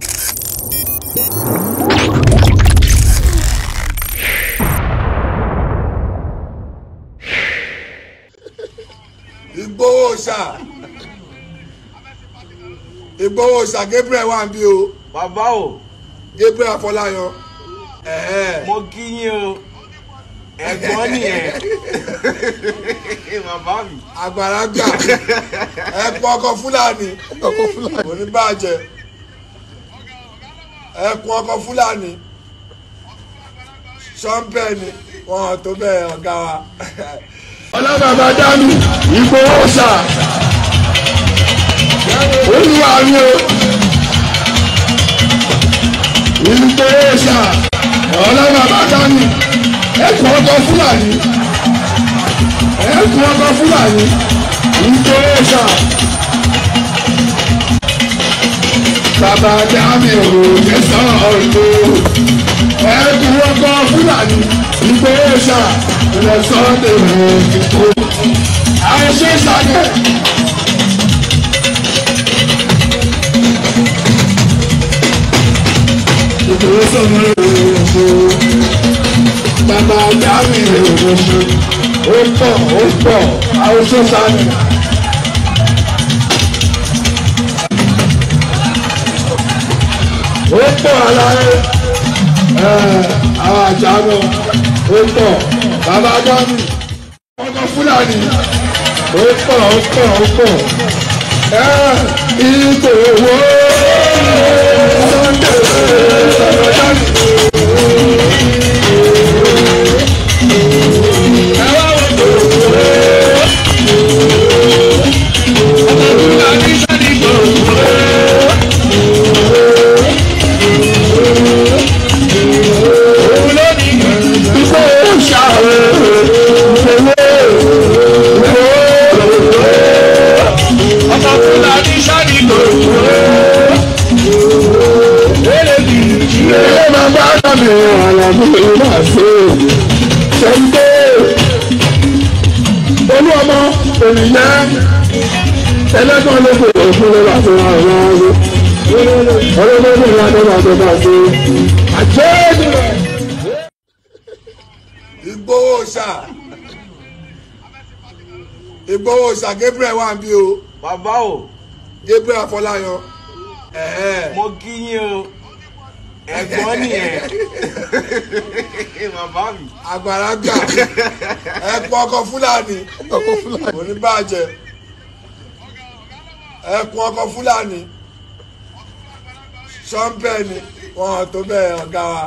Ìgbòho ṣá Ìgbòho ṣá Gabriel wà níbí o. bàbá o. Gabriel Afọláyan. mo kí yín o ẹ̀gbọ́n nìyẹn bàbá mi. àgbàrá gbà fulani. pọ ọkọ fúlàní oníbàjẹ́ ẹkùn ọkọ fúlàní ṣọ́ńpẹ́ẹ̀nì wọn tó bẹ́ẹ̀ ọ̀gá wa. ọlọ́bàbà dánú ìgbowó sà olúwa mi o ìgbowó sà ọlọ́bàbà dánú ẹkùn ọkọ fúlàní ẹkùn ọkọ fúlàní ìgbowó sà bàbá Jamiu tẹ̀sán òdo ẹ̀kún ọgbọ́n Fúlàní ìgbésà lọ́sọ̀dẹ̀ òkìkó àìṣeṣàgẹ̀. ìgbésọ̀mọ́ òdo bàbá Jamiu òdo ó pọ̀ ó pọ̀ àìṣeṣàgẹ̀. pọ̀ aláyé àwọn àjàmọ̀ ó pọ̀ bàbá gbọ́nì ọkọ̀ fúlàní ó pọ̀ ó pọ̀ ó pọ̀ ìtò owó. tradition ìlò ìwé. Elébi ilé máa bá dàbí àlàbí ìlú àṣẹ ṣẹ́ńdé. Olú ọmọ òrìyá ẹlẹ́gbọ́n ló kò wọ́n fún lọ́wọ́ àti wọn àwọn ọmọ ọlọ́mọdé ńlá tó bá tó bá tó. Àjẹ́ ìdúró. Ìgbòho ṣáà. Ìgbòho ṣáà Gabriel wà ń bí o. Bàbá o. Gabriel Afọláyan. mo kí yín o ẹ̀gbọ́n nìyẹn bàbá mi. àgbàlagbà ẹ̀pọ̀ ọkọ̀ fúlàní oníbàjẹ́ ẹ̀pọ̀ ọkọ̀ fúlàní ṣọ́ńpẹ́ni wọn tó bẹ́ẹ̀ ọ̀gá wa.